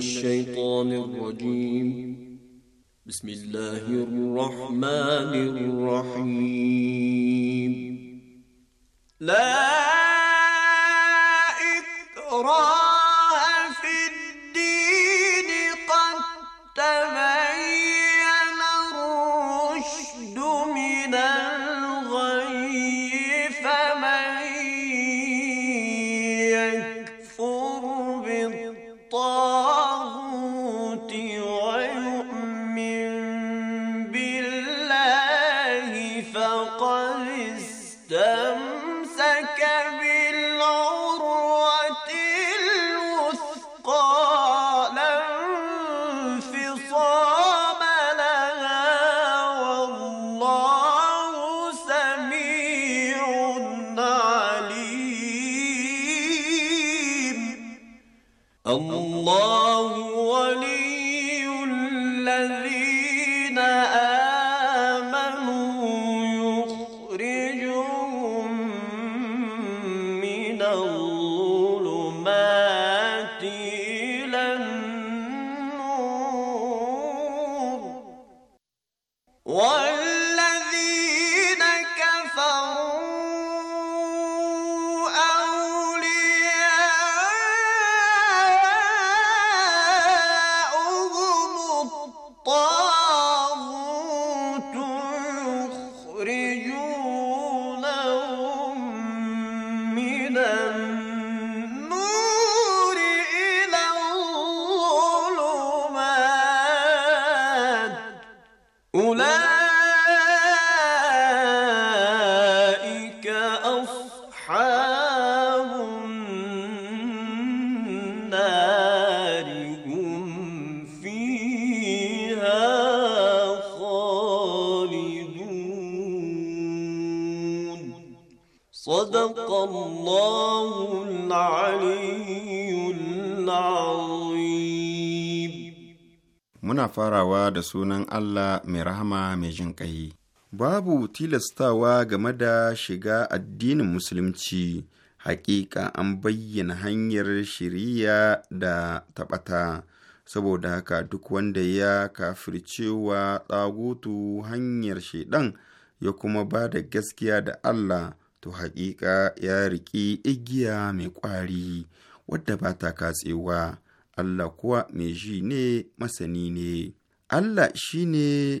الشيطان الرجيم بسم الله الرحمن الرحيم لا أصحاب النار هم فيها خالدون صدق الله العلي العظيم muna farawa da sunan Allah mai rahama mai babu tilastawa game da shiga addinin musulunci hakika an bayyana hanyar shiriya da taɓata saboda haka duk wanda ya kafircewa tsagutu hanyar shaidan ya kuma ba da gaskiya da allah to hakika ya riƙi igiya mai ƙwari wadda ba ta katsewa allah kuwa mai ji ne masani ne allah shi ne.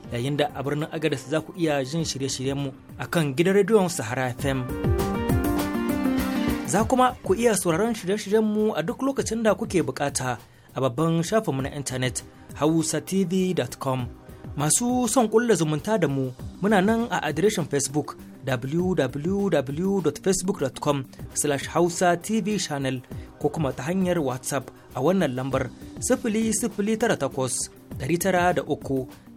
yayin da a birnin agadas za ku iya jin shirye-shiryenmu a kan gidan rediyon sahara fm za kuma ku iya sauraron shirye-shiryenmu a duk lokacin da kuke bukata a babban shafinmu na intanet hausatv.com masu son kulla zumunta da mu muna nan a adireshin facebook www.facebook.com slash hausa tv channel ko kuma ta hanyar whatsapp a wannan lambar da 903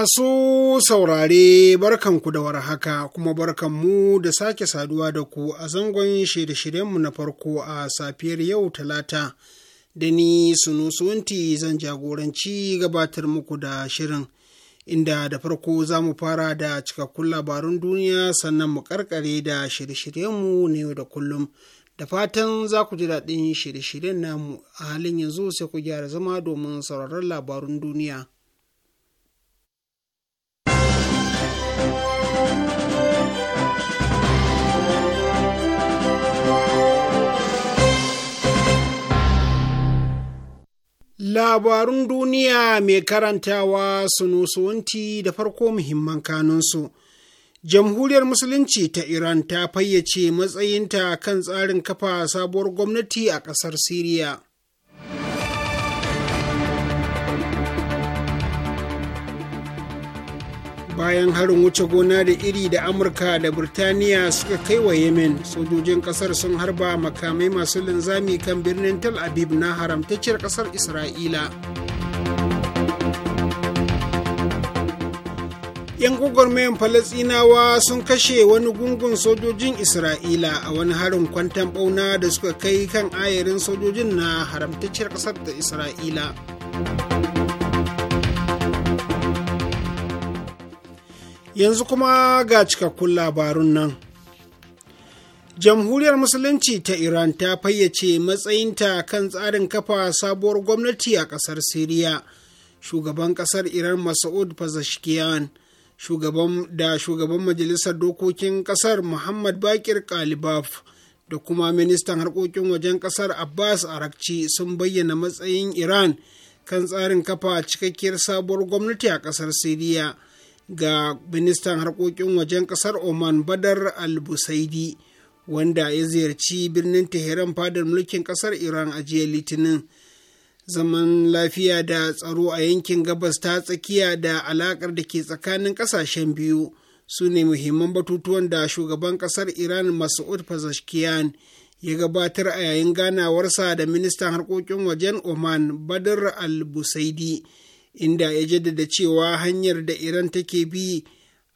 Masu saurare barkanku da warhaka kuma barkanmu da sake saduwa da ku a zangon shirye-shiryenmu na farko a safiyar yau talata da ni sunusunti zan jagoranci gabatar muku da shirin inda da farko za mu fara da cikakkun labarun duniya sannan mu karkare da shirye-shiryenmu na yau da kullum da fatan za ku ji daɗin shirye-shiryen namu a halin yanzu sai ku gyara zama domin sauraron labarun duniya. Labarun duniya mai karantawa sunusuwanti da farko muhimman kanunsu. Jamhuriyar Musulunci ta Iran ta fayyace matsayinta kan tsarin kafa sabuwar gwamnati a ƙasar Siriya. bayan harin wuce gona da iri da amurka da birtaniya suka kai wa yemen sojojin kasar sun harba makamai masu linzami kan birnin tel aviv na haramtacciyar kasar isra'ila yan gwagwarmayan falasinawa sun kashe wani gungun sojojin isra'ila a wani harin kwantan bauna da suka kai kan ayarin sojojin na haramtacciyar kasar da isra'ila yanzu kuma ga cikakkun labarun nan jamhuriyar musulunci ta iran ta fayyace matsayinta kan tsarin kafa sabuwar gwamnati a kasar siriya shugaban kasar iran mas'ud pazashkiyan shugaban da shugaban majalisar dokokin kasar muhammad bakir kalibaf da kuma ministan harkokin wajen kasar abbas arakci sun bayyana matsayin iran kan tsarin kafa cikakkiyar sabuwar gwamnati a kasar siriya ga ministan harkokin wajen kasar oman badar al-busaidi wanda ya ziyarci birnin teheran fadar mulkin kasar iran a jiya litinin zaman lafiya da tsaro a yankin gabas ta tsakiya da alakar da ke tsakanin kasashen biyu su ne muhimman batutuwan da shugaban kasar iran masud pezeshkian ya gabatar a yayin ganawarsa da ministan harkokin wajen oman badar al-busaidi inda ya jaddada cewa hanyar da iran take bi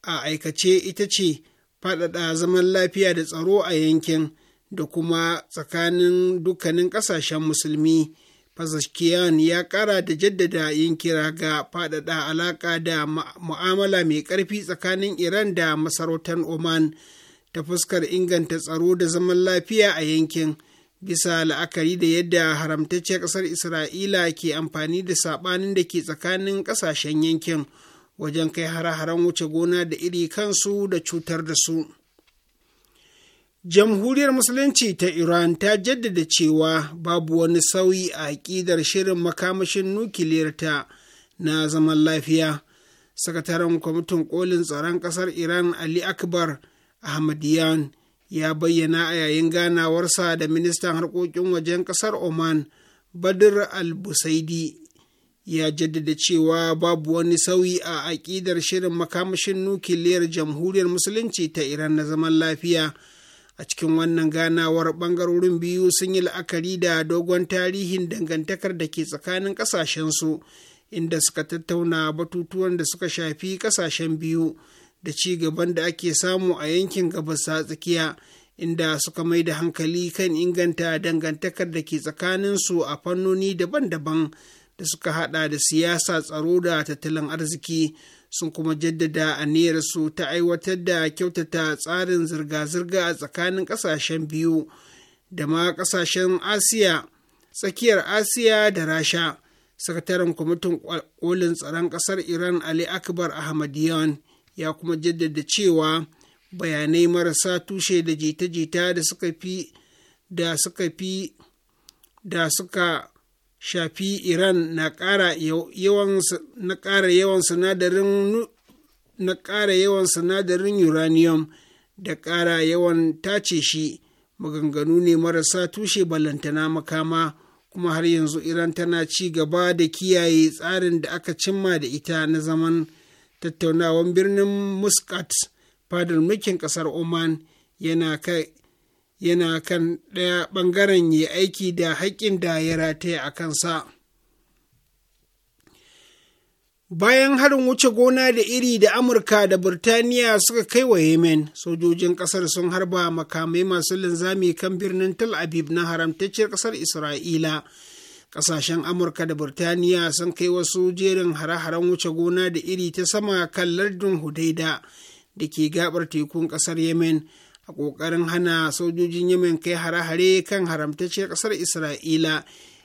a aikace ita ce faɗaɗa zaman lafiya da tsaro a yankin da kuma tsakanin dukkanin ƙasashen musulmi Fazaskiyan ya ƙara da jaddada yin kira ga faɗaɗa alaƙa da mu'amala mai ƙarfi tsakanin Iran da masarautar Oman ta fuskar inganta tsaro da zaman lafiya a yankin. bisa la'akari da yadda haramtacciyar ƙasar isra'ila ke amfani da saɓanin da ke tsakanin ƙasashen yankin wajen kai hare-haren wuce gona da iri kansu da cutar da su jamhuriyar musulunci ta iran ta jaddada cewa babu wani sauyi a aƙidar shirin makamashin nukiliyar ta na zaman lafiya sakataren kwamitin kolin tsaron ƙasar iran ali akbar ahmadiyan ya bayyana a yayin ganawarsa da ministan harkokin wajen kasar oman badr al-busaidi ya jaddada cewa babu wani sauyi a aƙidar shirin makamashin nukiliyar jamhuriyar musulunci ta iran na zaman lafiya a cikin wannan ganawar ɓangarorin biyu sun yi la'akari da dogon tarihin dangantakar da ke tsakanin ƙasashensu inda suka tattauna batutuwan da suka shafi ƙasashen biyu da ci gaban da ake samu a yankin gabas tsakiya inda suka mai da hankali kan inganta dangantakar da ke tsakaninsu a fannoni daban-daban da suka hada da siyasa tsaro da tattalin arziki sun kuma jaddada aniyarsu ta aiwatar da kyautata tsarin zirga-zirga a tsakanin kasashen biyu da ma kasashen asiya tsakiyar asiya da rasha sakataren kwamitin kolin tsaron kasar iran ali akbar ahmadiyyan ya kuma jaddada cewa bayanai marasa tushe da jita-jita da suka fi da suka fi da suka shafi iran na ƙara yawan na ƙara yawan sinadarin na ƙara yawan sinadarin uranium da ƙara yawan tace shi maganganu ne marasa tushe ballantana makama kuma har yanzu iran tana ci gaba da kiyaye tsarin da aka cimma da ita na zaman tattaunawan birnin muscat fadar mulkin ƙasar oman yana kai yana kan ɗaya ɓangaren ya aiki da haƙƙin da ya rataya a kansa. Bayan harin wuce gona da iri da Amurka da Burtaniya suka kai wa Yemen, sojojin ƙasar sun harba makamai masu linzami kan birnin Tel Aviv na haramtacciyar ƙasar Isra'ila kasashen Amurka da Burtaniya sun kai wasu jerin hare-haren wuce gona da iri ta sama kan lardin Hudaida da ke gabar tekun kasar Yemen a kokarin hana sojojin Yemen kai hare-hare kan haramtacciyar kasar Isra'ila.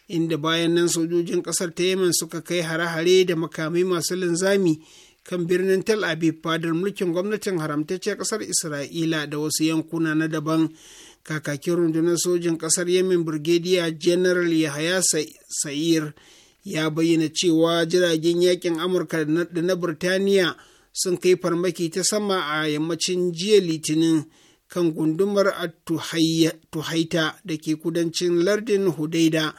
Inda bayan nan sojojin kasar ta Yemen suka kai hare-hare da makamai masu linzami kan birnin Tel Aviv fadar mulkin gwamnatin haramtacciyar kasar Isra'ila da wasu yankuna na daban. kakakin rundunar sojin ƙasar yemen brigadier general yahaya sa'ir ya bayyana cewa jiragen yakin amurka da na birtaniya sun kai farmaki ta sama a yammacin jiya litinin kan gundumar tuhaita da ke kudancin lardin hudaida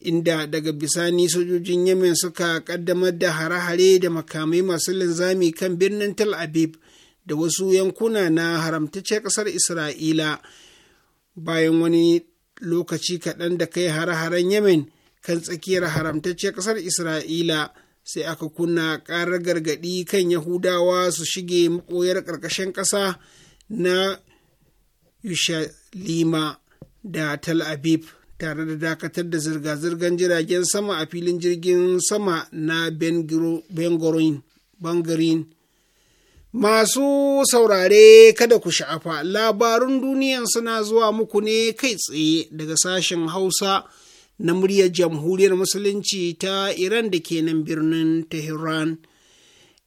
inda daga bisani sojojin yemen suka kaddamar da hare-hare da makamai masu linzami kan birnin tel aviv da wasu yankuna na haramtaccen ƙasar isra'ila bayan wani lokaci kaɗan da kai hare-haren yemen kan tsakiyar haramtacciyar ƙasar isra'ila sai aka kunna ƙarar gargaɗi kan yahudawa su shige maɓoyar ƙarƙashin ƙasa na yushalima da tel aviv tare da dakatar da zirga-zirgar jiragen sama a filin jirgin sama na bangarin Masu saurare kada ku sha'afa labarun duniyan suna zuwa muku ne kai tsaye daga sashen Hausa na muryar Jamhuriyar Musulunci ta Iran da ke nan birnin Tehran.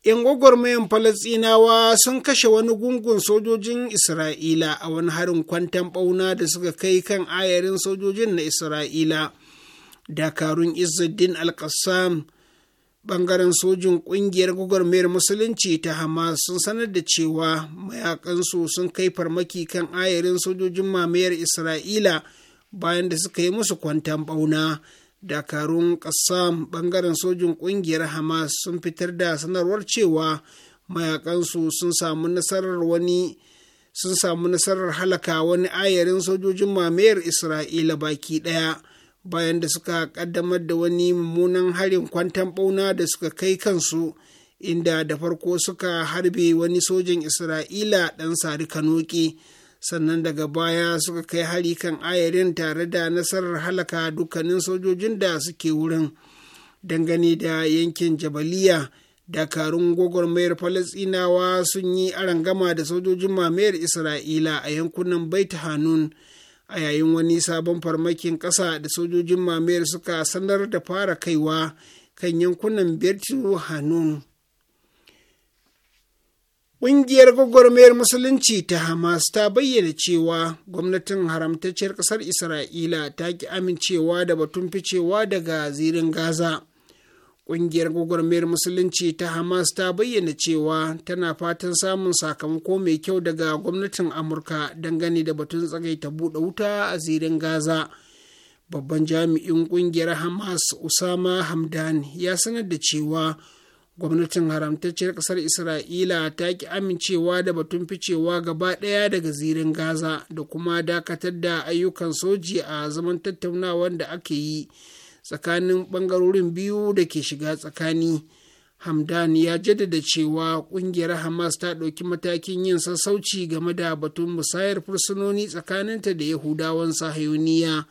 ‘Yan gwagwarmayan Falasɗinawa sun kashe wani gungun sojojin Isra'ila a wani harin kwantan ɓauna da suka kai kan ayarin sojojin na Isra'ila. Dakarun Izzuddin Al-Qassam. Bangaren sojin ƙungiyar gwagwarmayar musulunci ta Hamas sun sanar da cewa mayakansu sun kai farmaki kan ayarin sojojin mamayar Isra'ila bayan da suka yi musu kwantan ɓauna. Dakarun ƙasam bangaren sojin ƙungiyar Hamas sun fitar da sanarwar cewa mayakansu sun samu nasarar wani sun samu nasarar halaka wani ayarin sojojin mamayar Isra'ila baki ɗaya. bayan da suka kaddamar da wani mummunan harin kwantan bauna da suka kai kansu inda da farko suka harbe wani sojin isra'ila ɗan sari kanoki sannan daga baya suka kai hari kan ayarin tare da nasarar halaka dukkanin sojojin da suke wurin dangane da yankin jabaliya dakarun gwagwarmayar falasinawa sun yi arangama da sojojin mamayar isra'ila a yankunan bait hanun a yayin wani sabon farmakin ƙasa da sojojin mamayar suka sanar da fara kaiwa kan yankunan Bertu Hanun. Ƙungiyar gwagwarmayar Musulunci ta Hamas ta bayyana cewa gwamnatin haramtacciyar ƙasar Isra'ila ta ki amincewa da batun ficewa daga zirin Gaza. Ƙungiyar gwagwarmayar Musulunci ta Hamas ta bayyana cewa tana fatan samun sakamako mai kyau daga gwamnatin Amurka dangane da batun tsagaita buɗe wuta a zirin Gaza. Babban jami'in ƙungiyar Hamas Usama Hamdan ya sanar da cewa gwamnatin haramtacciyar ƙasar Isra'ila ta ki amincewa da batun ficewa gaba ɗaya daga zirin Gaza da kuma dakatar da ayyukan soji a zaman tattaunawar da ake yi. tsakanin ɓangarorin biyu da ke shiga tsakani hamdan ya jaddada cewa ƙungiyar hamas ta ɗauki matakin yin sassauci game da batun musayar fursunoni tsakaninta da yahudawan sahayoniya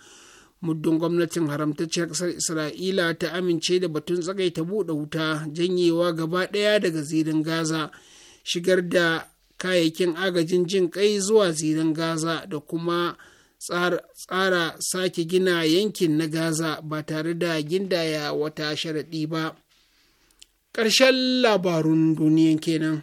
muddin gwamnatin haramtacciyar ƙasar isra'ila ta amince da batun tsagaita buɗe wuta janyewa gaba ɗaya daga zirin gaza shigar da kayayyakin agajin jin ƙai zuwa zirin gaza da kuma tsara sake gina yankin na gaza ba tare da gindaya wata sharaɗi ba ƙarshen labarun duniyan kenan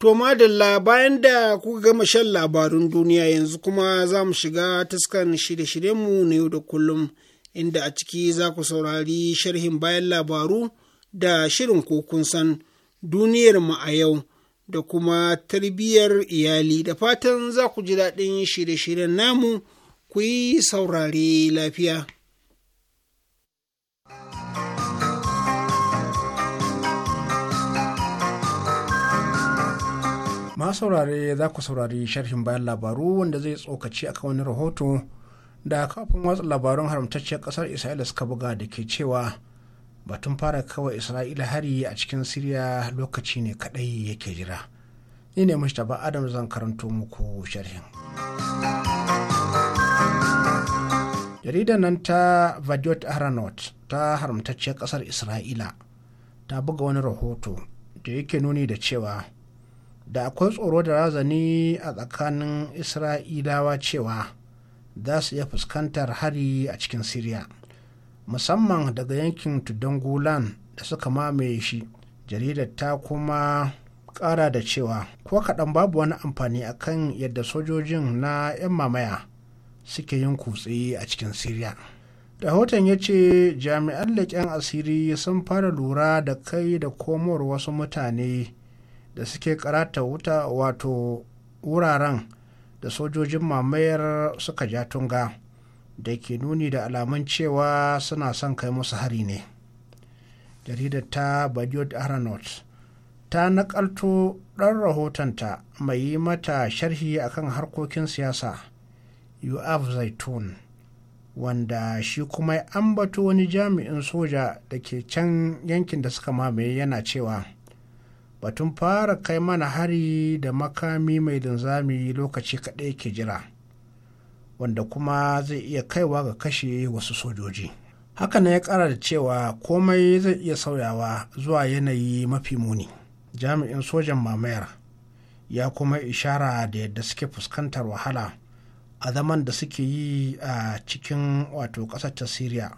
To madalla bayan da kuka gama shan labarun duniya yanzu kuma za mu shiga taskan shirye-shiryenmu na yau da kullum. inda a ciki za ku saurari sharhin bayan labaru da shirin kokun san duniyar mu a yau da kuma tarbiyyar iyali da fatan za ku ji daɗin shirye-shiryen namu ku yi saurare lafiya. Ma saurare za ku saurari sharhin bayan labaru wanda zai tsokaci akan wani rahoto da kafin watsa labarun haramtacciyar kasar isra'ila suka buga da ke cewa batun fara kawai isra'ila hari a cikin siriya lokaci ne kadai yake jira ni ne mustapha adam zan karanto muku sharhin jaridar nan ta vadiot aranot ta haramtacciyar kasar isra'ila ta buga wani rahoto da yake nuni da cewa da akwai tsoro da razani a tsakanin isra'ilawa cewa za su iya fuskantar hari a cikin Siriya. Musamman daga yankin tudungulan da suka mamaye shi, jaridar ta kuma kara da cewa ko kaɗan babu wani amfani akan yadda sojojin na 'yan mamaya suke yin kutse a cikin Siriya. rahoton ya ce jami'an leƙen asiri sun fara lura da kai da komowar wasu mutane da suke karata wuta wato wuraren da sojojin mamayar suka ja tunga da ke nuni da alamun cewa suna son kai musu hari ne jaridar ta bayod aranot ta nakalto ɗan rahotonta mai yi mata sharhi akan harkokin siyasa yu'af zaitun wanda shi kuma ya ambato wani jami'in soja da ke can yankin da suka mamaye yana cewa batun fara kai mana hari da makami mai linzami lokaci kaɗai ke jira wanda kuma zai iya kaiwa ga kashe wasu sojoji hakan ya ƙara da cewa komai zai iya sauyawa zuwa yanayi mafi muni jami'in sojan mamayar ya kuma ishara da yadda suke fuskantar wahala a zaman da suke yi a cikin wato ƙasar ta Siriya.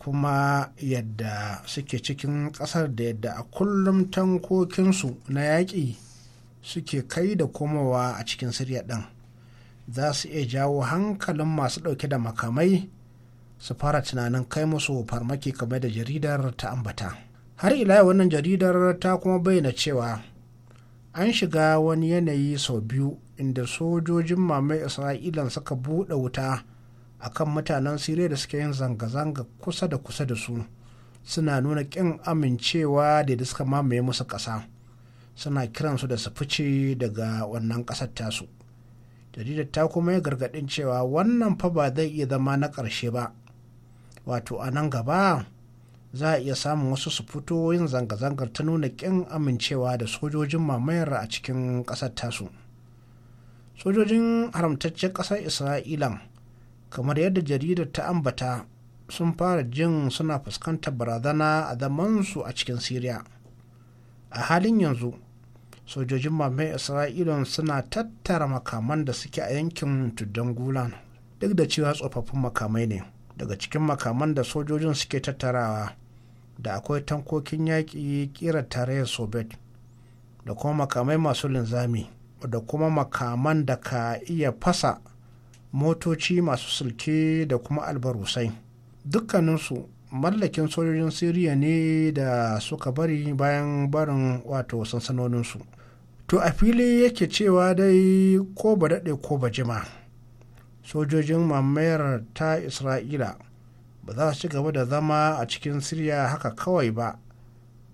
kuma yadda suke cikin ƙasar da yadda a kullum tankokinsu na yaƙi suke kai da komowa a cikin siriya ɗin za su iya jawo hankalin masu ɗauke da makamai su fara tunanin kai musu farmaki kamar da jaridar ta ambata har ila wannan jaridar ta kuma bayyana cewa an shiga wani yanayi sau biyu inda sojojin mamaye isra'ilan suka buɗe wuta akan mutanen siriya da suke yin zanga-zanga kusa da kusa da su suna nuna ƙin amincewa da da suka mamaye musu ƙasa suna kiransu da su fice daga wannan ƙasar tasu jaridar ta kuma ya gargaɗin cewa wannan fa ba zai iya zama na ƙarshe ba wato a nan gaba za a iya samun wasu su fito yin zanga-zangar ta nuna ƙin amincewa da sojojin mamayar a cikin ƙasar tasu sojojin haramtaccen ƙasar isra'ilan kamar yadda jaridar ta ambata sun fara jin suna fuskantar barazana a zamansu a cikin Siriya. a halin yanzu sojojin mamayin isra'ila suna tattara makaman da suke a yankin tuddan gulan duk da cewa tsofaffin makamai ne daga cikin makaman da sojojin suke tattarawa da akwai tankokin yaƙi tare tarayyar soviet da kuma makamai masu linzami da kuma makaman da ka iya fasa motoci masu sulke da kuma albarusai dukkaninsu mallakin sojojin siriya ne da suka bari bayan barin wato sansanoninsu to a fili yake cewa dai ko ba daɗe ko ba jima sojojin mamayar ta isra'ila ba za su ci gaba da zama a cikin siriya haka kawai ba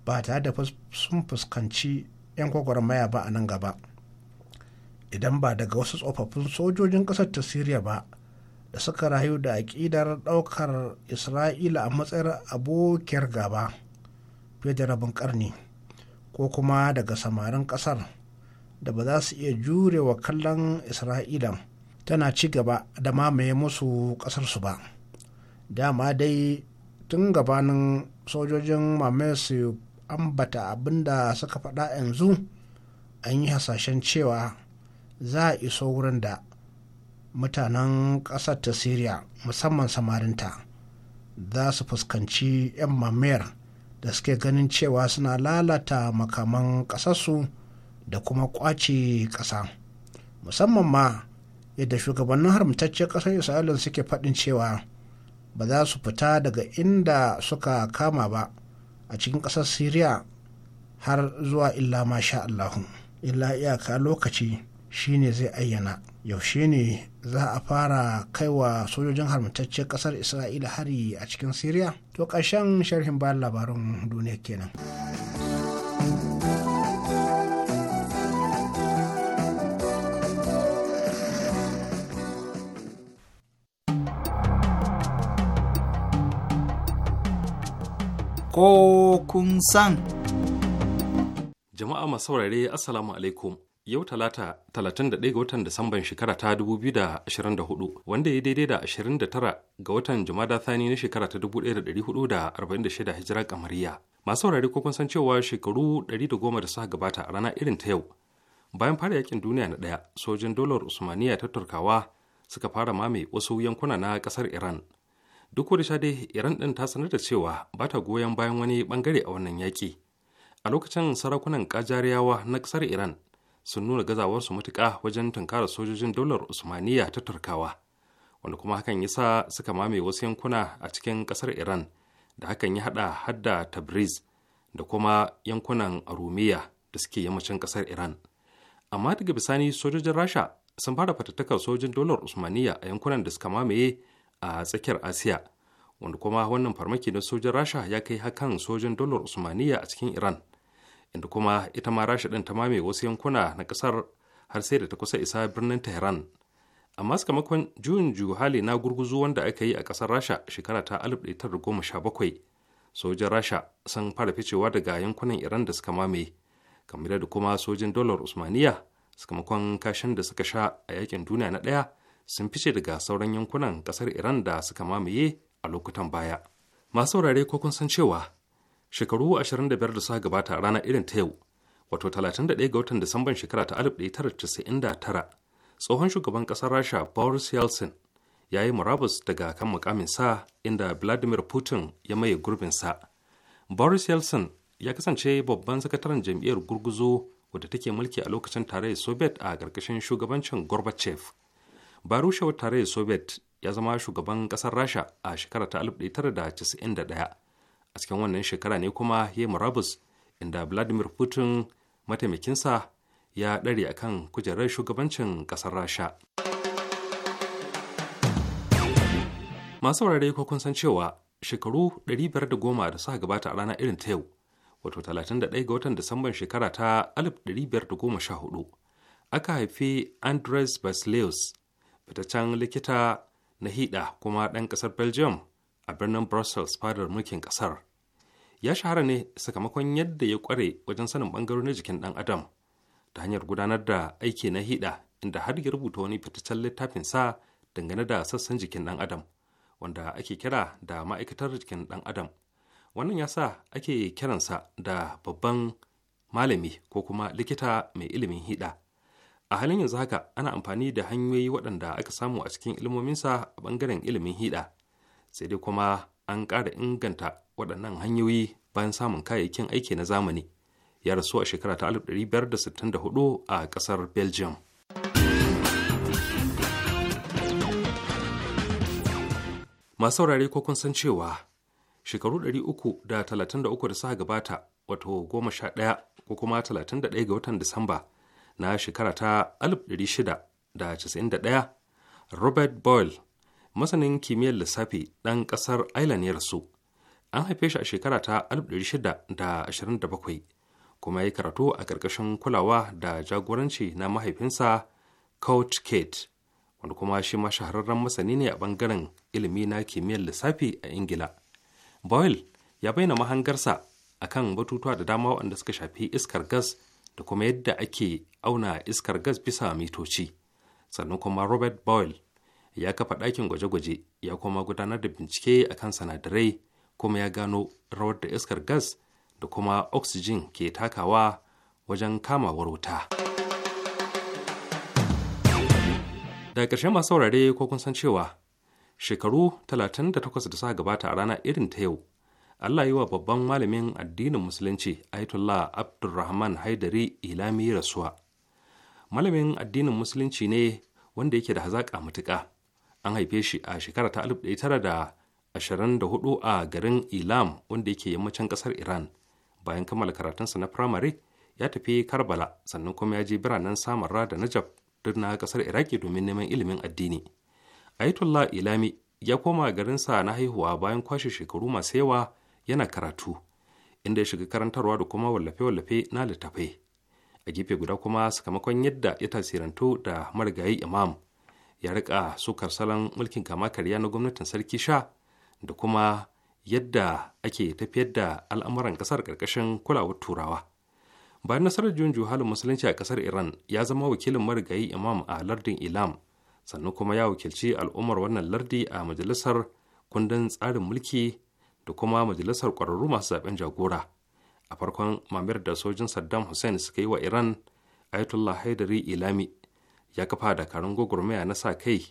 ba tare da sun fuskanci 'yan maya ba a nan gaba idan ba daga wasu tsofaffin sojojin ƙasar ta siriya ba da suka rayu da aƙidar ɗaukar isra'ila a matsayin abokiyar gaba fiye da rabin ƙarni ko kuma daga samarin ƙasar da ba za su iya jure wa kallon isra'ila tana ci gaba da mamaye musu ƙasarsu ba dama dai tun gabanin sojojin su ambata abinda suka faɗa yanzu an yi hasashen cewa za a iso wurin da mutanen ƙasar ta Siriya, musamman samarinta za su fuskanci 'yan mamayar da suke ganin cewa suna lalata makaman ƙasarsu da kuma ƙwace ƙasa musamman ma yadda shugabannin haramtaccen ƙasar isra'ila suke faɗin cewa ba za su fita daga inda suka kama ba a cikin ƙasar Siriya har zuwa illa masha allahu illa iyaka lokaci shine zai ayyana yaushe ne za a fara kaiwa sojojin harmitacciyar kasar isra'ila hari a cikin Siriya? to ƙarshen sharhin bayan labarin duniya kenan ko kun san jama'a masaurare assalamu alaikum Yau Talata 31 ga watan Disamban shekara ta 2024 wanda ya daidai da 29 ga watan Jumada Thani na shekara ta 1446 hijira kamariya. Masu saurari ko kun san cewa shekaru 110 da suka gabata a rana irin ta yau. Bayan fara yakin duniya na ɗaya, sojin dolar Usmaniya ta Turkawa suka fara mame wasu yankuna na ƙasar Iran. Duk wadda dai Iran ɗin ta sanar da cewa ba ta goyon bayan wani ɓangare a wannan yaƙi. A lokacin sarakunan Kajariyawa na ƙasar Iran sun nuna gazawarsu matuƙa wajen tunkarar sojojin daular usmaniya ta turkawa wanda kuma hakan yasa suka mame wasu yankuna a cikin ƙasar iran da hakan ya haɗa hadda tabriz da kuma yankunan arumiya da suke yammacin ƙasar iran amma daga bisani sojojin rasha sun fara fatattakar sojin dolar usmaniya a yankunan da suka mamaye a tsakiyar asiya wanda kuma wannan farmaki na sojin rasha ya kai hakan sojin dolar usmaniya a cikin iran inda kuma ita ma rasha ɗin ta mame wasu yankuna na ƙasar har sai da ta kusa isa birnin tehran amma sakamakon juyin hali na gurguzu wanda aka yi a ƙasar rasha shekara ta 1917 sojin rasha sun fara ficewa daga yankunan iran da suka mame kamar da kuma sojin dolar usmaniya sakamakon kashin da suka sha a yakin duniya na ɗaya sun fice daga sauran yankunan ƙasar iran da suka mamaye a lokutan baya masu saurare ko kun san cewa shekaru 25 da suka gabata a ranar irin ta yau wato 31 ga watan disamban shekara ta 1999 tsohon shugaban kasar rasha boris yeltsin ya yi murabus daga kan mukamin sa inda vladimir putin ya maye gurbin sa boris yeltsin ya kasance babban sakataren jam'iyyar gurguzo wadda take mulki a lokacin tarayyar soviet a ƙarƙashin shugabancin gorbachev barushewar tarayyar soviet ya zama shugaban ƙasar rasha a shekara ta 1991 a cikin wannan shekara ne kuma ya yi murabus inda vladimir putin mataimakinsa ya ɗare a kan kujerar shugabancin ƙasar rasha masu wurare ko kun san cewa shekaru 510 da suka gabata a rana irin ta yau wato 31 ga watan disamban shekara ta 1514 aka haifi andres basileus fitaccen likita na hida kuma ɗan ƙasar belgium a birnin brussels fadar mulkin ƙasar ya shahara ne sakamakon yadda ya kware wajen sanin bangarorin jikin ɗan adam ta hanyar gudanar da aiki na hida inda har ya rubuta wani fitaccen littafin sa dangane da sassan jikin ɗan adam wanda ake kira da ma'aikatar jikin ɗan adam wannan ya sa ake kiransa da babban malami ko kuma likita mai ilimin hida a halin yanzu haka ana amfani da hanyoyi waɗanda aka samu a cikin ilmominsa a ɓangaren ilimin hida sai dai kuma an ƙara inganta waɗannan hanyoyi bayan samun kayayyakin aiki na zamani ya rasu a shekara ta 1564 a ƙasar belgium masu saurari ko kun san cewa shekaru 333 da suka gabata wato 11 ko kuma 31 ga watan disamba na shekara ta 1691 robert boyle masanin kimiyyar lissafi ɗan ƙasar ireland ya rasu an haife shi a shekara ta 1627 kuma ya karatu a karkashin kulawa da jagoranci na mahaifinsa Coach Kate, wanda kuma shi ma shahararren masani ne a ɓangaren ilimi na kimiyyar lissafi a Ingila. Boyle ya bayyana mahangarsa a kan batutuwa da dama waɗanda suka shafi iskar gas da kuma yadda ake auna iskar gas bisa mitoci. Sannan kuma Robert Boyle ya kafa ɗakin gwaje-gwaje ya kuma gudanar da bincike akan sanadarai kuma ya gano rawar da iskar gas da kuma oxygen ke takawa wajen kamawar wuta. da ƙarshe masu saurare ko kun san cewa shekaru 38 da suka gabata a rana irin ta yau, Allah yi wa babban malamin addinin Musulunci Ayatollah Abdulrahman Haidari Ilami rasuwa. Malamin addinin Musulunci ne wanda yake da hazaƙa matuƙa. An haife shi a shekara ta 1900 24 a garin Ilam wanda yake yammacin kasar Iran. Bayan kammala karatunsa na firamare, ya tafi Karbala sannan kuma ya je biranen Samarra da najab duk na ƙasar Iraki domin neman ilimin addini. Ayatollah Ilami ya koma garinsa na haihuwa bayan kwashe shekaru masu yawa yana karatu, inda ya shiga karantarwa da kuma wallafe-wallafe na littafai. A gefe guda kuma sakamakon yadda ya tasirantu da marigayi imam ya rika sukar salon mulkin kama karya na gwamnatin sarki sha da kuma yadda ake tafiyar da al'amuran kasar ƙarƙashin kulawar turawa bayan nasarar juyin juhalin musulunci a kasar iran ya zama wakilin marigayi imam a lardin ilam sannan kuma ya wakilci al'ummar wannan lardi a majalisar kundin tsarin mulki da kuma majalisar ƙwararru masu zaben jagora a farkon mamayar da sojin saddam hussein suka yi wa iran ayatollah haidari ilami ya kafa dakarun gwagwarmaya na sa kai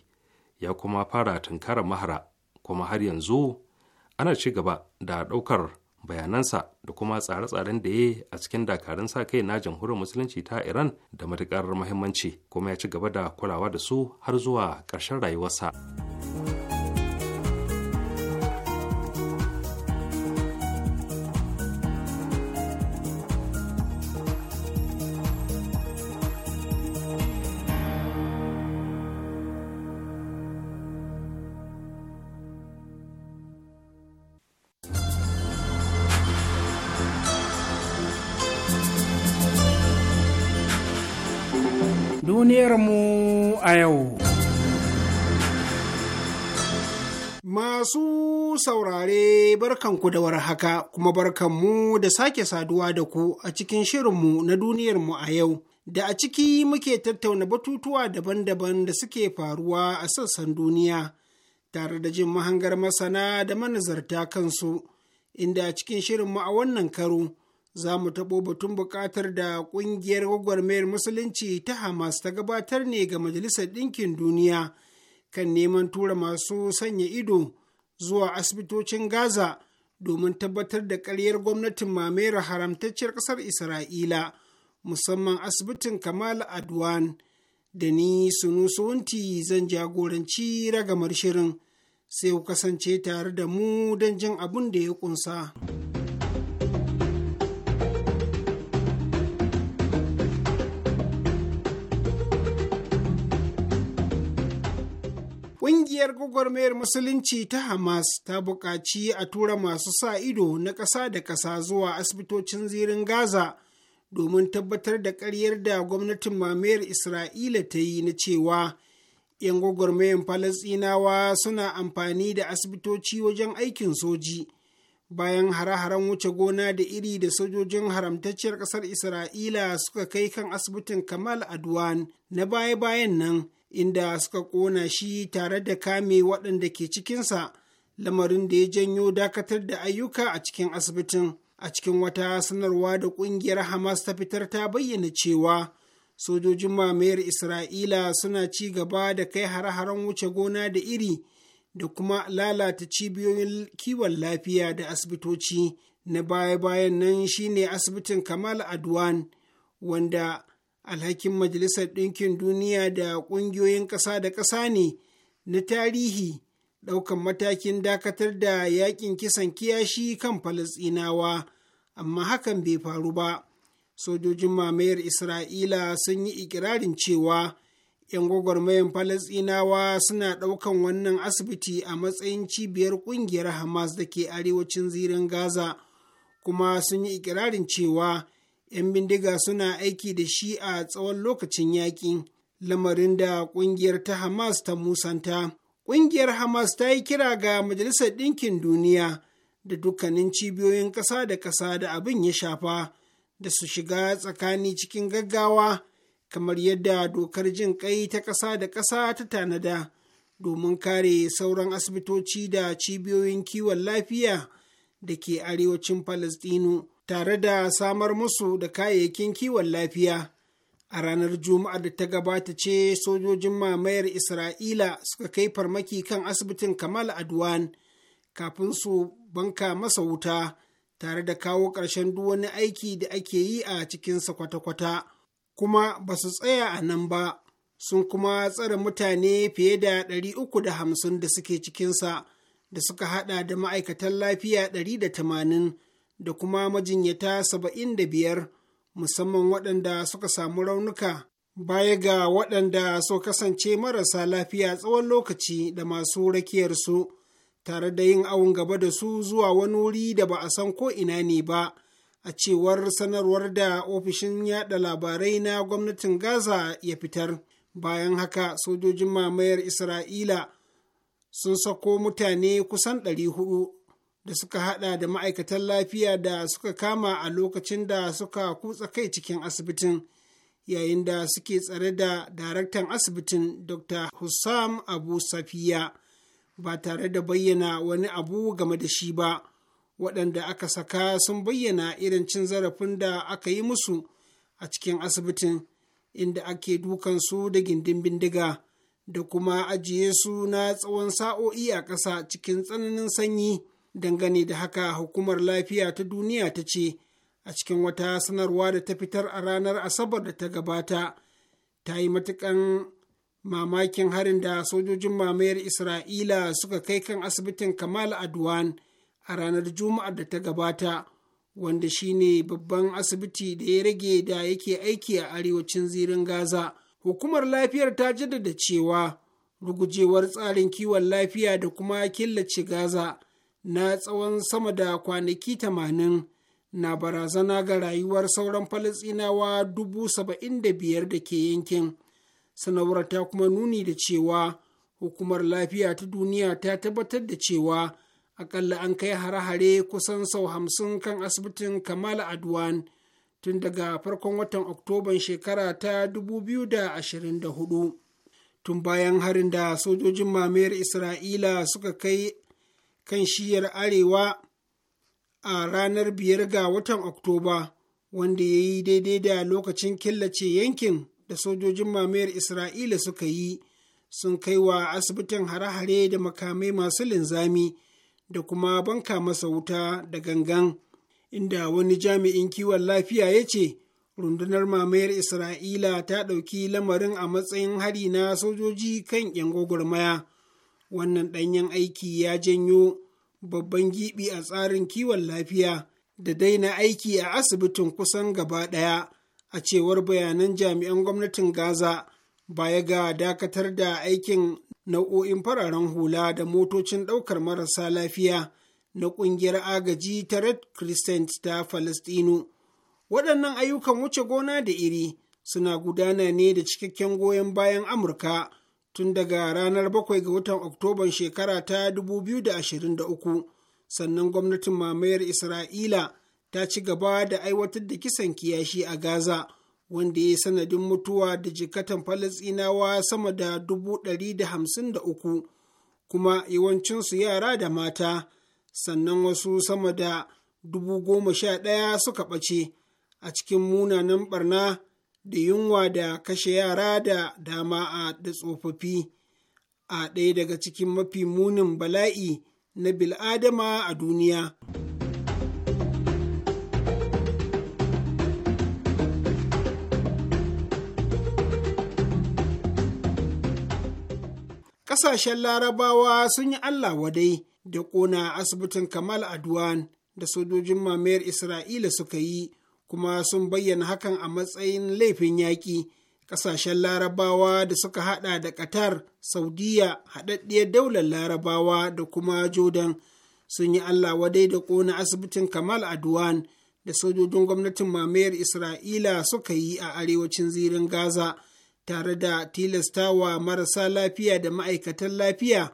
ya kuma fara tunkarar mahara kuma har yanzu ana ci gaba da ɗaukar bayanansa da kuma tsare-tsaren da ya yi a cikin dakarun sa kai na jamhuriyar musulunci ta iran da matuƙar muhimmanci kuma ya ci gaba da kulawa da su har zuwa ƙarshen rayuwarsa. duniyarmu a yau. Masu saurare barkanku da warhaka kuma barkanmu da sake saduwa da ku a cikin shirinmu na duniyarmu a yau. Da a ciki muke tattauna batutuwa daban-daban da suke faruwa a sassan duniya, tare da jin mahangar masana da manazarta kansu, inda a cikin shirinmu a wannan karo. za mu taɓo batun buƙatar da ƙungiyar gwagwarmayar musulunci ta hamas ta gabatar ne ga majalisar ɗinkin duniya kan neman tura masu sanya ido zuwa asibitocin gaza domin tabbatar da ƙaryar gwamnatin mamera haramtacciyar ƙasar isra'ila musamman asibitin kamal adwan da ni wunti zan jagoranci ragamar shirin sai ku kasance tare da mu don jin abin da ya ƙunsa. Ƙungiyar gwagwarmayar Musulunci ta Hamas ta buƙaci a tura masu sa ido na ƙasa da ƙasa zuwa asibitocin zirin Gaza domin tabbatar da ƙaryar da gwamnatin mamayar Isra'ila ta yi na cewa ‘yan gwagwarmayar Falasɗinawa suna amfani da asibitoci wajen aikin soji. Bayan hare-haren wuce gona da iri da sojojin haramtacciyar ƙasar Isra'ila suka kai kan asibitin Kamal Adwan na baya-bayan nan. inda suka ƙona shi tare da kame waɗanda ke cikinsa lamarin da ya janyo dakatar da ayyuka a cikin asibitin a cikin wata sanarwa da ƙungiyar hamas ta fitar ta bayyana cewa sojojin mamayar isra'ila suna ci gaba da kai har haren wuce gona da iri da kuma lalata cibiyoyin kiwon lafiya da asibitoci na baya-bayan nan shine asibitin kamal adwan wanda alhakin majalisar ɗinkin duniya da ƙungiyoyin ƙasa da ƙasa ne na tarihi ɗaukan matakin dakatar da yaƙin kisan kiyashi kan falasɗinawa amma hakan bai faru ba sojojin mamayar isra'ila sun yi ikirarin cewa 'yan gwagwarmayan falasɗinawa suna ɗaukan wannan asibiti a matsayin cibiyar ƙungiyar hamas da ke arewacin zirin gaza kuma sun yi ikirarin cewa ‘yan bindiga suna aiki da shi a tsawon lokacin yaƙi, lamarin da ƙungiyar ta Hamas ta musanta. Ƙungiyar Hamas ta yi kira ga Majalisar Ɗinkin Duniya da dukkanin cibiyoyin ƙasa da ƙasa da abin ya shafa da su shiga tsakani cikin gaggawa, kamar yadda dokar jin ƙai ta ƙasa da ƙasa ta tanada, domin kare sauran asibitoci da cibiyoyin kiwon lafiya da ke arewacin Falasɗinu. tare da samar musu da kayayyakin kiwon lafiya a ranar Juma'a da ta gabata ce sojojin mamayar isra'ila suka kai farmaki kan asibitin kamal adwan kafin su banka masa wuta tare da kawo ƙarshen duk wani aiki da ake yi a cikinsa kwata-kwata kuma ba su tsaya a nan ba sun kuma tsare mutane fiye da ɗari uku da hamsin da suke cikinsa da suka hada da ma'aikatan lafiya ɗari da tamanin. da kuma majinyata saba'in da biyar musamman waɗanda suka samu raunuka baya ga waɗanda suka kasance marasa lafiya tsawon lokaci da masu rakiyarsu tare da yin awon gaba da su zuwa wani wuri da ba a san ko'ina ne ba a cewar sanarwar da ofishin yada labarai na gwamnatin gaza ya fitar bayan haka sojojin mamayar isra'ila sun sako mutane kusan 400 da suka hada da ma'aikatan lafiya da suka kama a lokacin da suka kutsa kai cikin asibitin yayin da suke tsare da daraktan asibitin dr hussam abu safiya ba tare da bayyana wani abu game da shi ba waɗanda aka saka sun bayyana irin cin zarafin da aka yi musu a cikin asibitin inda ake dukan su da gindin bindiga da kuma ajiye su na tsawon sa'o'i a ƙasa cikin tsananin sanyi. dangane da haka hukumar lafiya ta duniya ta ce a cikin wata sanarwa da ta fitar a ranar asabar da ta gabata ta yi matukan mamakin harin da sojojin mamayar isra'ila suka kai kan asibitin kamal adwan a ranar juma'ar da ta gabata wanda shine babban asibiti da ya rage da yake aiki a arewacin zirin gaza hukumar lafiyar ta jaddada cewa rugujewar tsarin kiwon lafiya da kuma killace gaza na tsawon sama da kwanaki tamanin na barazana ga rayuwar sauran falasinawa dubu saba'in da biyar da ke yankin sanarwar ta kuma nuni da cewa hukumar lafiya ta duniya ta tabbatar da cewa akalla an kai hare-hare kusan sau hamsin kan asibitin kamal adwan tun daga farkon watan oktoban shekara ta 2024 tun bayan harin da sojojin mamayar isra'ila suka kai kan shiyar arewa a ranar biyar ga watan Oktoba, wanda ya yi daidai da lokacin killace yankin da sojojin mamayar Isra'ila suka yi, sun kai wa asibitin hare-hare da makamai masu linzami da kuma banka masa wuta da gangan, inda wani jami'in kiwon lafiya ya ce, rundunar mamayar Isra'ila ta ɗauki lamarin a matsayin hari na sojoji kan 'yan gwagwarmaya. wannan ɗanyen aiki ya janyo babban giɓi a tsarin kiwon lafiya da daina aiki a asibitin kusan gaba ɗaya a cewar bayanan jami'an gwamnatin gaza baya ga dakatar da aikin nau'o'in fararen hula da motocin ɗaukar marasa lafiya na ƙungiyar agaji ta red crescent ta falastinu waɗannan ayyukan wuce gona da iri suna gudana ne da cikakken goyon bayan amurka tun daga ranar 7 ga watan Oktoban shekara ta 2023, sannan gwamnatin mamayar Isra'ila ta ci gaba da aiwatar da kisan kiyashi a Gaza, wanda ya sanadin mutuwa da jikatan falasinawa sama da 153, kuma yawancinsu yara da mata, sannan wasu sama da 11,000 suka ɓace a cikin munanan barna da yunwa da kashe yara da dama a da tsofaffi a ɗaya daga cikin mafi munin bala'i na bil'adama a duniya. Ƙasashen larabawa sun yi Allah wadai da ƙona asibitin Kamal Adwan da sojojin mamayar Isra'ila suka yi kuma sun bayyana hakan a matsayin laifin yaƙi ƙasashen larabawa da suka haɗa da qatar saudiya haɗaɗɗiyar daular larabawa da kuma jordan sun yi allah wadai da ƙona asibitin kamal adwan da sojojin gwamnatin mamayar isra'ila suka yi a arewacin zirin gaza tare da tilastawa marasa lafiya da ma'aikatan lafiya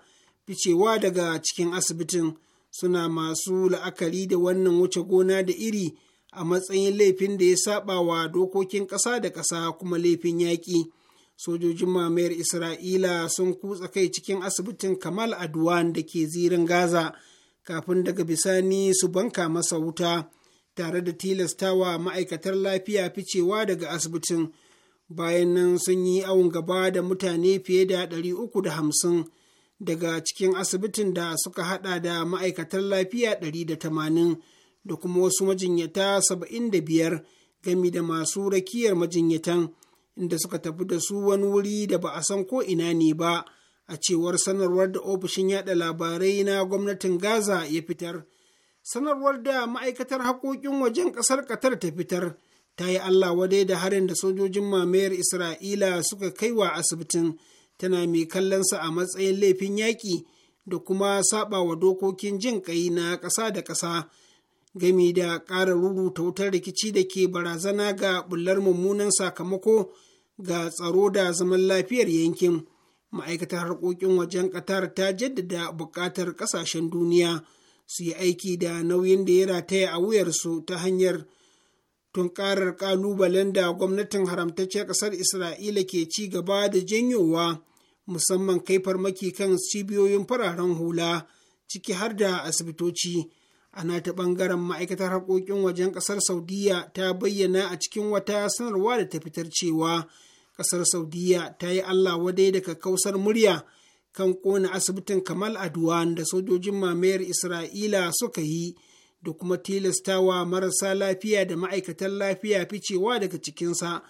ficewa daga cikin asibitin suna masu la'akari da wannan wuce gona da iri a matsayin laifin da ya saba wa dokokin ƙasa da ƙasa kuma laifin yaƙi. Sojojin mamayar Isra'ila sun kutsa kai cikin asibitin Kamal Adwan da ke zirin Gaza kafin daga bisani su banka masa wuta tare da tilastawa ma'aikatar lafiya ficewa daga asibitin. Bayan nan sun yi awon gaba da mutane fiye da ɗari uku da hamsin daga cikin asibitin da suka haɗa da ma'aikatar lafiya ɗari da tamanin. da kuma wasu majinyata saba'in da biyar gami da masu rakiyar majinyatan inda suka tafi da su wani wuri da ba a san ko ina ne ba a cewar sanarwar da ofishin yada labarai na gwamnatin gaza ya fitar sanarwar da ma'aikatar haƙoƙin wajen ƙasar qatar ta fitar ta yi allah wadai da harin da sojojin mamayar isra'ila suka kai wa asibitin tana mai kallonsa a matsayin laifin yaƙi da kuma saɓa wa dokokin jin ƙai na ƙasa da ƙasa gami da ƙara rubuta wutar rikici da ke barazana ga bullar mummunan sakamako ga tsaro da zaman lafiyar yankin ma'aikatar harkokin wajen ƙatar ta jaddada buƙatar ƙasashen duniya su yi aiki da nauyin da ya rataya a wuyarsu ta hanyar tunkarar ƙalubalen da gwamnatin haramtacciyar ƙasar isra'ila ke ci gaba da janyowa musamman kai farmaki kan cibiyoyin fararen hula ciki har da asibitoci. ana ta ɓangaren ma'aikatar harkokin wajen ƙasar saudiya ta bayyana a cikin wata sanarwa da ta fitar cewa ƙasar saudiya ta yi allah wadai daga kausar murya kan ƙona asibitin kamal adwan da sojojin mamayar isra'ila suka yi da kuma tilastawa marasa lafiya da ma'aikatan lafiya ficewa daga cikinsa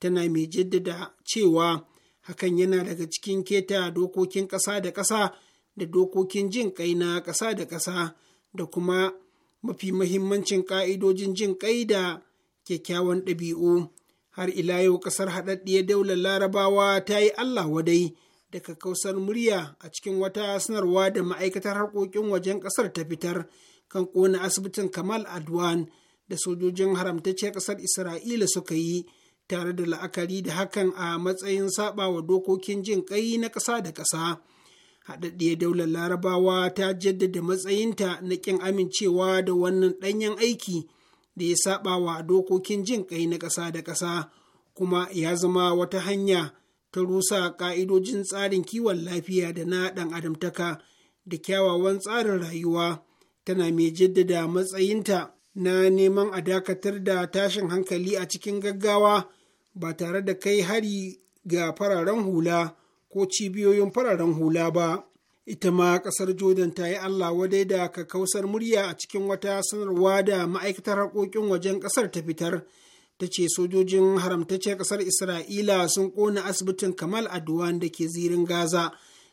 tana mai jaddada cewa hakan yana daga cikin keta dokokin ƙasa da ƙasa da dokokin jin ƙai na ƙasa da ƙasa da kuma mafi mahimmancin ƙa'idojin jin ƙai da kyakkyawan ɗabi'u har ila yau ƙasar haɗaɗɗiya daular larabawa ta yi allah wadai daga kausar murya a cikin wata sanarwa da ma'aikatar harkokin wajen ƙasar ta fitar kan ƙona asibitin kamal adwan da sojojin haramtacce ƙasar isra'ila suka yi tare da la'akari da hakan a matsayin saɓawa dokokin jin ƙai na ƙasa da ƙasa haɗaɗɗiyar daular larabawa ta jaddada matsayinta na ƙin amincewa da wannan ɗanyen aiki da ya saɓa wa dokokin jin ƙai na ƙasa da ƙasa kuma ya zama wata hanya ta rusa ƙa'idojin tsarin kiwon lafiya da na ɗan adamtaka da kyawawan tsarin rayuwa tana mai jaddada matsayinta na neman a dakatar da tashin hankali a cikin gaggawa ba tare da kai hari ga fararen hula ko cibiyoyin fararen hula ba. Ita ma ƙasar Jordan ta yi Allah wadai da kausar murya a cikin wata sanarwa da ma'aikatar harkokin wajen ƙasar ta fitar. Ta ce sojojin haramtacce ƙasar Isra'ila sun ƙona asibitin Kamal Adwan da ke zirin Gaza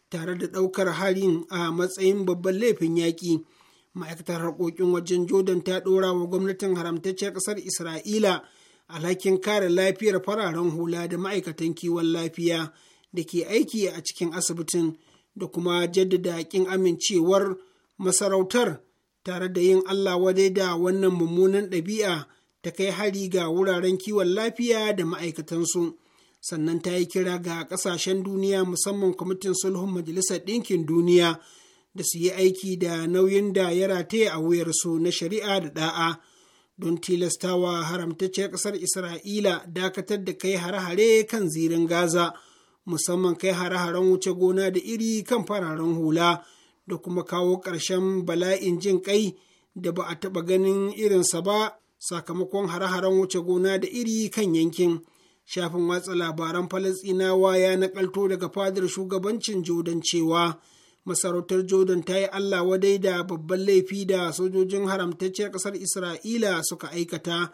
tare da ɗaukar harin a matsayin babban laifin yaƙi. ma'aikatar harkokin wajen jordan ta ɗora wa gwamnatin haramtacce ƙasar isra'ila alhakin kare lafiyar fararen hula da ma'aikatan kiwon lafiya da ke aiki a cikin asibitin da kuma jaddada ƙin amincewar masarautar tare da yin Allah wadai da wannan mummunan ɗabi'a ta kai hari ga wuraren kiwon lafiya da ma'aikatansu. Sannan ta yi kira ga ƙasashen duniya musamman kwamitin sulhun Majalisar Ɗinkin Duniya da su yi aiki da nauyin da ya rataye a wuyarsu na shari'a da ɗa'a don tilastawa haramtacciyar ƙasar Isra'ila dakatar da kai hare-hare kan zirin Gaza. musamman kai hare-haren wuce gona da iri kan fararen hula da kuma kawo ƙarshen bala'in jin kai da ba a taɓa ganin irinsa ba sakamakon hare-haren wuce gona da iri kan yankin. Shafin watsa labaran Falasinawa ya nakalto daga fadar shugabancin Jordan cewa masarautar Jordan ta yi Allah wadai da babban laifi da sojojin haramtacciyar ƙasar Isra'ila suka aikata.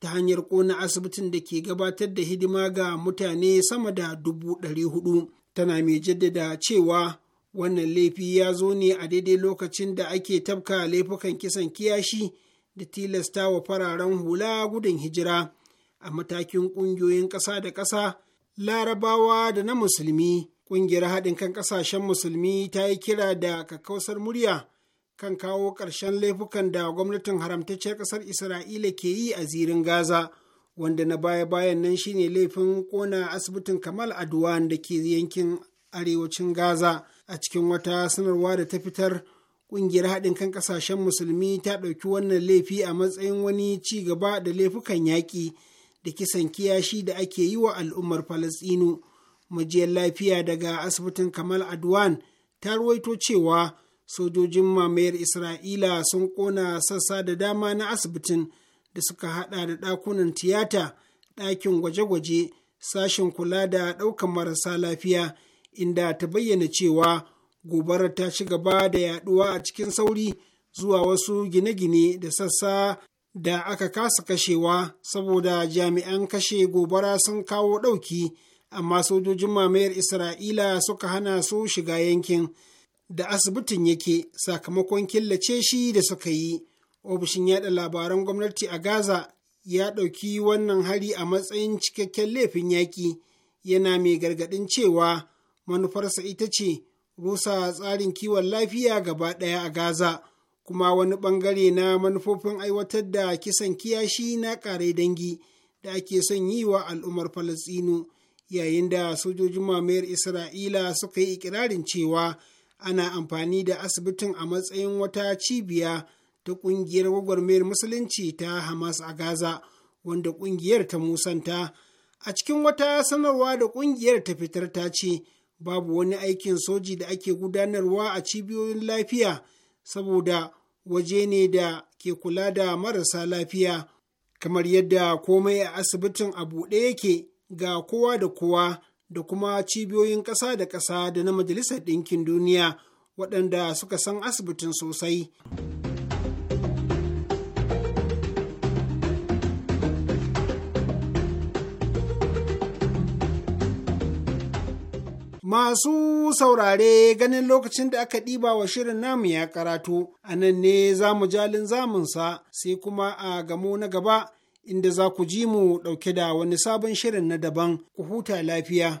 ta hanyar kona asibitin da ke gabatar da hidima ga mutane sama da dubu ɗari hudu tana mai jaddada cewa wannan laifi ya zo ne a daidai lokacin da ake tabka laifukan kisan kiyashi da tilasta wa fararen hula gudun hijira a matakin ƙungiyoyin ƙasa da ƙasa larabawa da na musulmi ƙungiyar haɗin kan ƙasashen musulmi ta yi kira da kakkausar murya kan kawo ƙarshen laifukan da gwamnatin haramtacciyar ƙasar isra'ila ke yi a zirin gaza wanda na baya-bayan nan shine laifin ƙona asibitin kamal adwan da ke yankin arewacin gaza a cikin wata sanarwa da ta fitar ƙungiyar haɗin kan ƙasashen musulmi ta ɗauki wannan laifi a matsayin wani ci gaba da laifukan yaƙi da kisan kiyashi da ake yi wa al'ummar falastinu Mujiyar lafiya daga asibitin Kamal Adwan ta ruwaito cewa sojojin mamayar isra'ila sun ƙona sassa da dama na asibitin da suka haɗa da ɗakunan tiyata ɗakin gwaje-gwaje sashen kula da ɗaukan marasa lafiya inda ta bayyana cewa gobara ta ci gaba da yaɗuwa a cikin sauri zuwa wasu gine-gine da sassa da aka kasa kashewa saboda jami'an kashe gobara sun kawo ɗauki amma sojojin mamayar isra'ila suka hana su shiga yankin da asibitin yake sakamakon killace shi da suka yi ofishin yada labaran gwamnati a gaza ya ɗauki wannan hari a matsayin cikakken laifin yaƙi yana mai gargaɗin cewa manufarsa ita ce rusa tsarin kiwon lafiya gaba ɗaya a gaza kuma wani ɓangare na manufofin aiwatar da kisan kiyashi na ƙare dangi da ake son yi wa al'ummar falastinu yayin da sojojin mamayar isra'ila suka yi ikirarin cewa ana amfani da asibitin a matsayin wata cibiya ta ƙungiyar gwagwarmayar musulunci ta hamas a gaza wanda ƙungiyar ta musanta a cikin wata sanarwa da ƙungiyar ta fitar ta ce babu wani aikin soji da ake gudanarwa a cibiyoyin lafiya saboda waje ne da ke kula da marasa lafiya kamar yadda komai a asibitin a buɗe yake ga kowa da kowa da kuma cibiyoyin ƙasa da ƙasa da na Majalisar Ɗinkin Duniya waɗanda suka san asibitin sosai. Masu saurare ganin lokacin da aka ɗiba wa shirin namu ya karatu, anan ne za mu jalin zamunsa sai kuma a gamo na gaba inda za ku ji mu ɗauke da wani sabon shirin na daban ku huta lafiya.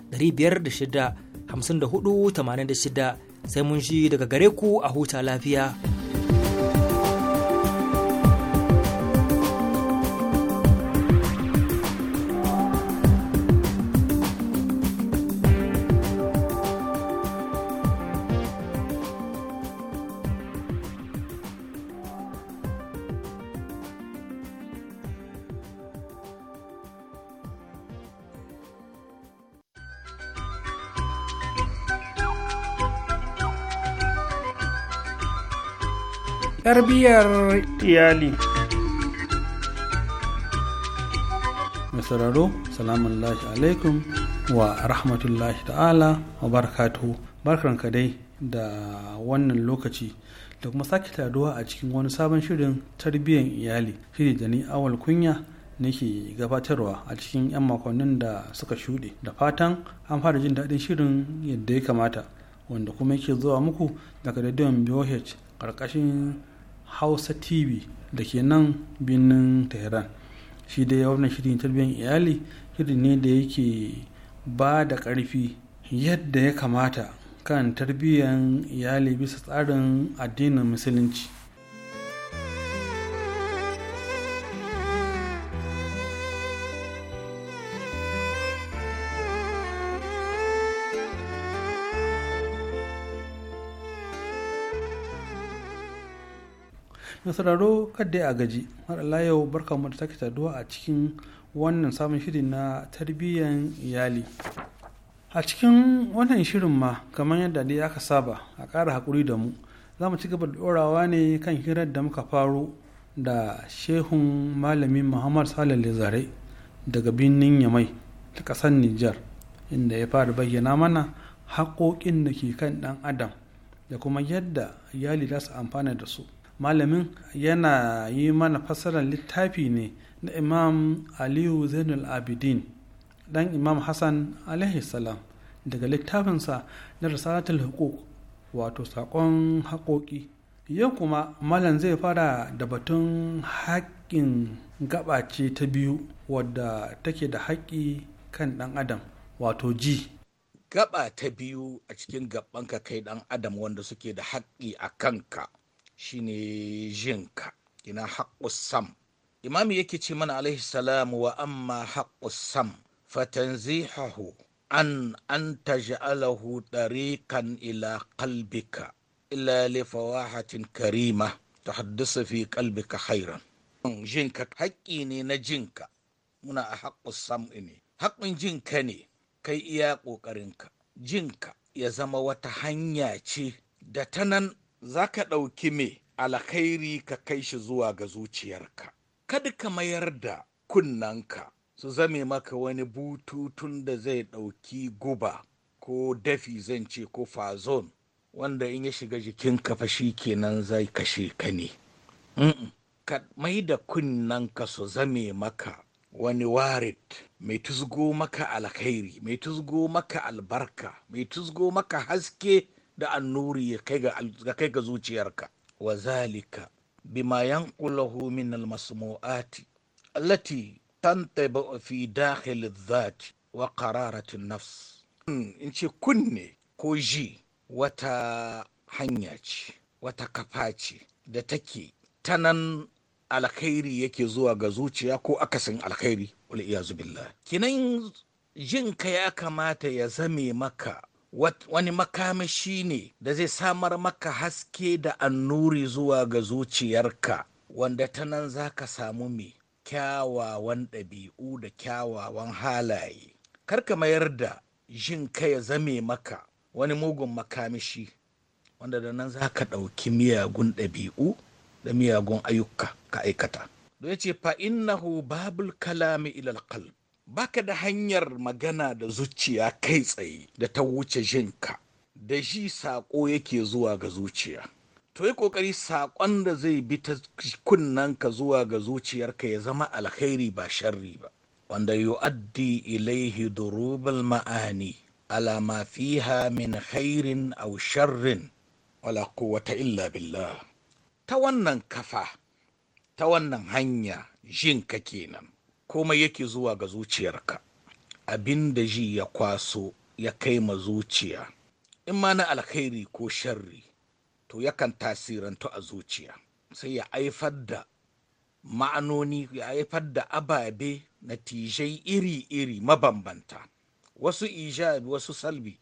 Ɗari biyar da 506 5686 sai mun shi daga gare ku a huta lafiya. tarbiyyar iyali mai sauraro salamun lahi alaikum wa rahmatullahi ta'ala wa barakatu barkanka dai da wannan lokaci da kuma sake taruwa a cikin wani sabon shirin tarbiyyar iyali shiri da ni awal kunya nake gabatarwa a cikin 'yan makonnin da suka shuɗe da fatan an fara jin daɗin shirin yadda ya kamata wanda kuma yake zuwa muku daga rediyon bioh ƙarƙashin hausa tv da ke nan birnin tehran shi da wannan shirin tarbiyyar iyali shirin ne da yake ba da ƙarfi yadda ya kamata kan tarbiyyar iyali bisa tsarin addinin musulunci na sauraro kadda a gaji har yau barka mu da take taduwa a cikin wannan samun shiri na tarbiyyan iyali a cikin wannan shirin ma kamar yadda dai aka saba a ƙara haƙuri da mu za mu ci gaba da ɗorawa ne kan hirar da muka faru da shehun malamin muhammad salih zare daga birnin yamai ta ƙasar nijar inda ya fara bayyana mana haƙoƙin da ke kan ɗan adam da kuma yadda iyali za su amfana da su malamin yana yi mana fassarar littafi ne na imam aliyu zainul abidin dan imam hassan alaihi daga littafinsa na risalatul hukuk wato sakon haƙoƙi yau kuma malam zai fara da batun haƙƙin gabace ta biyu wadda take da haƙƙi kan ɗan adam wato ji gaba ta biyu a cikin gabanka kai ɗan adam wanda suke da haƙƙi a kanka shine jinka ina haƙƙus sam imami yake ce mana alaihi salam wa amma haƙƙus sam fatanzihahu an an taj'alahu tariqan ila qalbika illa li fawahatin karima tahaddasu fi qalbika khairan jinka haƙƙi ne na jinka muna a haƙƙus sam ne haƙƙin jinka ne kai iya ƙoƙarinka jinka ya zama wata hanya ce da ta nan za ka ɗauki me alkhairi ka kai shi zuwa ga zuciyarka kada ka mayar da kunnanka su zame maka wani bututun da zai ɗauki guba ko dafi zan ce ko fazon wanda in ya shiga jikin kafa shi kenan zai kashe ka ne ka mai da kunnanka su zame maka wani warit mai tuzgo maka alkhairi mai tusgo maka albarka mai tuzgo maka haske da annuri ya kai ga zuciyarka wa zalika bima yanqulahu min almasmu'ati allati tantaba fi dakhil adh wa qararati nafs hmm, in ce kunne ko ji wata hanya ce wata kafa ce da take ta nan alkhairi yake zuwa ga zuciya ko akasin alkhairi wal iyazu billah kinan jinka ya kamata ya zame maka wani makamashi ne da zai samar maka haske da annuri zuwa ga zuciyarka wanda ta nan za ka samu mai kyawawan ɗabi'u da kyawawan halaye karka mayar da jin ka ya zame maka wani mugun makamashi wanda da nan za ka ɗauki miyagun ɗabi'u da miyagun ayyuka ka aikata. Da ya ce fa'innahu babul kalami ilal qalb baka da hanyar magana da zuciya kai tsaye da ta wuce jinka da shi saƙo yake zuwa ga zuciya to yi ƙoƙari saƙon da zai bi ta kunnanka zuwa ga zuciyarka ya zama alkhairi ba sharri ba wanda yu'addi ilaihi durubal ma'ani ala fiha min khairin aw sharrin wala quwwata illa billa. ta wannan kafa ta wannan hanya jinka kenan komai yake zuwa ga zuciyarka abin da ji ya kwaso ya kai ma zuciya in ma na alkhairi ko sharri to yakan tasirantu a zuciya sai ya haifar da ma'anoni ya haifar da ababe natijai iri-iri mabambanta wasu ijabi wasu salbi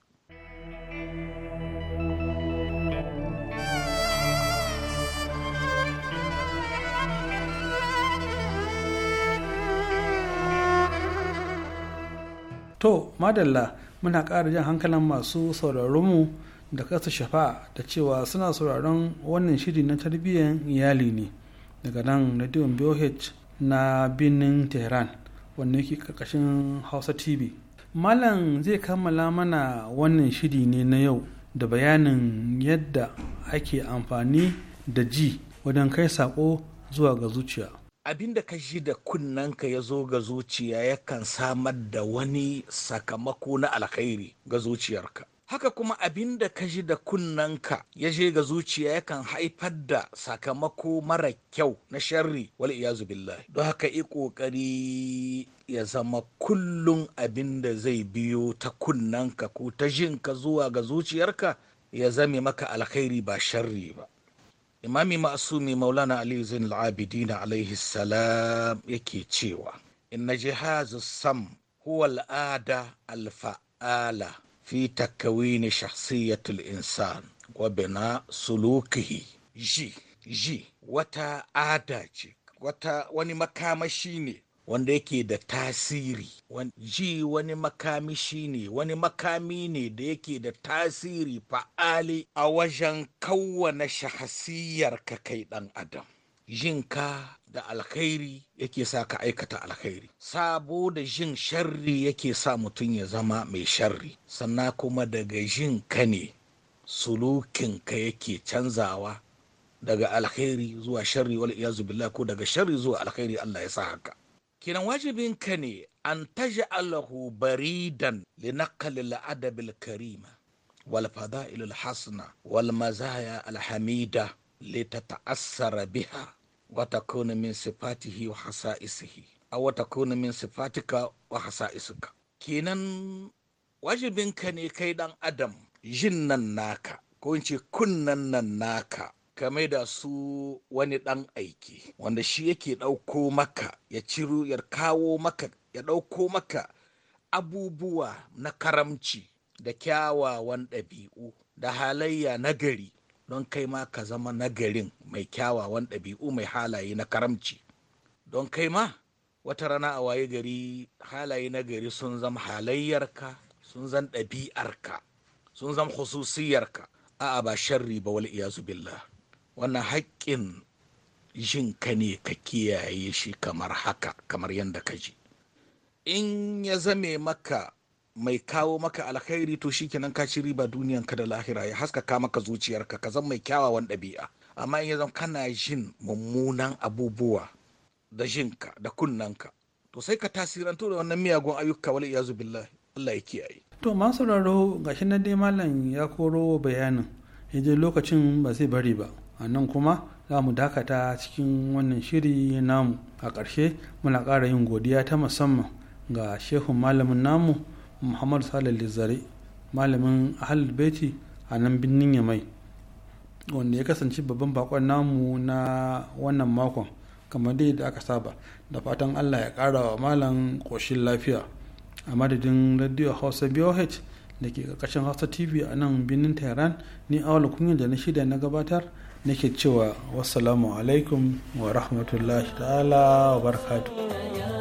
to madalla muna ƙara jan hankalin masu sauraronmu da kasa shafa da cewa suna sauraron wannan shiri na tarbiyyar iyali ne daga nan radiyon boh na birnin tehran wanda yake karkashin hausa tv malam zai kammala mana wannan shiri ne na yau da bayanin yadda ake amfani da ji wajen kai sako zuwa ga zuciya abin da ka ji da kunnanka ya zo ga zuciya yakan samar da wani sakamako na alkhairi ga zuciyarka haka kuma abin da ka ji da kunnanka ya je ga zuciya yakan haifar da sakamako mara kyau na sharri wal iyazu billahi don haka yi kokari ya zama kullum abin da zai biyo ta kunnanka ko ta jinka zuwa ga zuciyarka ya zame maka alkhairi ba sharri ba imami ma'asumi maulana Ali zain al'abidina alaihi salam yake cewa inna jihazu sam huwa al'ada alfa'ala fi takawini shahsiyatul insan wa bina sulukihi ji ji wata ada ce wata wani makamashi ne wanda yake da tasiri ji wani makami shi ne wani makami ne da yake da tasiri fa'ali a wajen kawana shahasiyar ka kai ɗan adam jinka da alkhairi yake sa ka aikata alkhairi Saboda da jin sharri yake sa mutum ya zama mai sharri sannan kuma daga jin ka ne sulukin ka yake canzawa daga alkhairi zuwa sharri wal iyazu billah ko daga sharri zuwa alkhairi Allah ya sa haka kiran wajibinka ne an taji allahu baridan linakalil adabil karima wal fada'il hasna wal mazaya alhamida litata'assara biha wa takuna min sifatihi wa hasa'isihi aw takuna min sifatika wa hasa'isika kenan wajibinka ne kai dan adam jin nan naka ko in ce kunnan nan naka ka mai da su wani ɗan aiki wanda shi yake ɗauko maka ya ciro ya kawo maka ya ɗauko maka abubuwa na karamci da kyawawan ɗabi'u da halayya nagari don kai ma ka zama nagarin mai kyawawan ɗabi'u mai halaye na karamci don kai ma wata rana a waye gari halaye nagari sun zama halayyarka sun zan ɗabi'arka sun zama hususiyarka a'a ba sharri ba wal iyazu billah wannan haƙƙin ka ne ka kiyaye shi kamar haka kamar yadda ka ji in ya zame maka mai kawo maka alkhairi to shi shikenan ka ci riba ka da lahira ya haskaka maka zuciyarka ka zama mai kyawawan ɗabi'a amma in ya zama kana jin mummunan abubuwa da jinka da kunnanka to sai ka tasirantu da wannan miyagun ayyuka wal iyazu billahi Allah ya kiyaye to masu raro gashi na dai malam ya koro bayanin yaje lokacin ba zai bari ba a nan kuma za mu dakata cikin wannan shiri namu a ƙarshe muna ƙara yin godiya ta musamman ga shehun malamin namu muhammadu salih lizare malamin ahalul beti a nan birnin yamai wanda ya kasance babban bakon namu na wannan makon kamar dai da aka saba da fatan allah ya ƙara wa malam ƙoshin lafiya a madadin radio hausa boh da ke ƙarƙashin hausa tv a nan birnin tehran ni awal kunya da na shida na gabatar nake cewa wassalamu alaikum wa rahmatullahi ta'ala wa barakatuh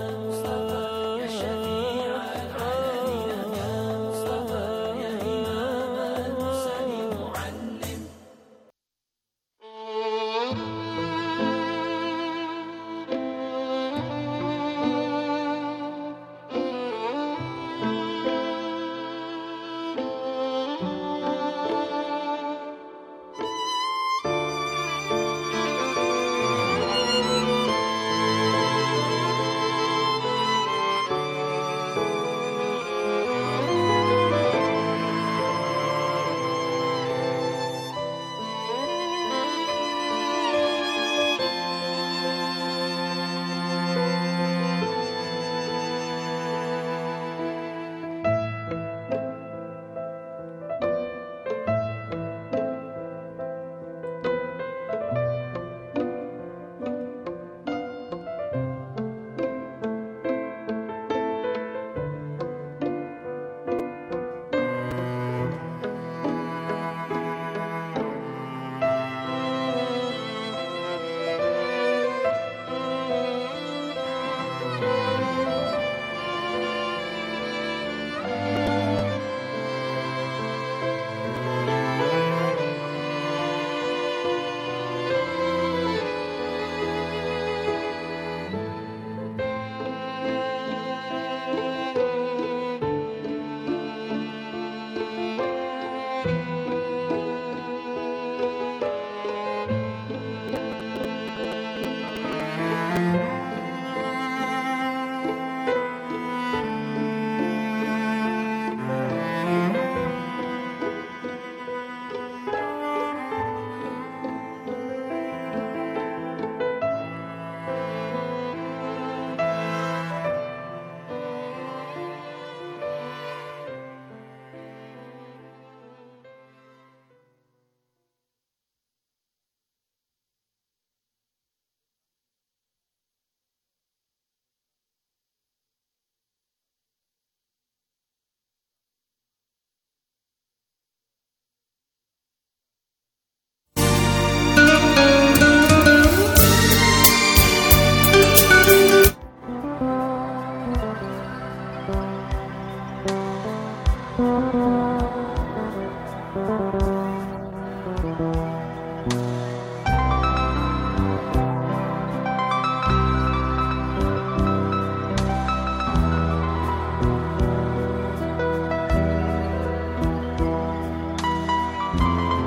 Thank you.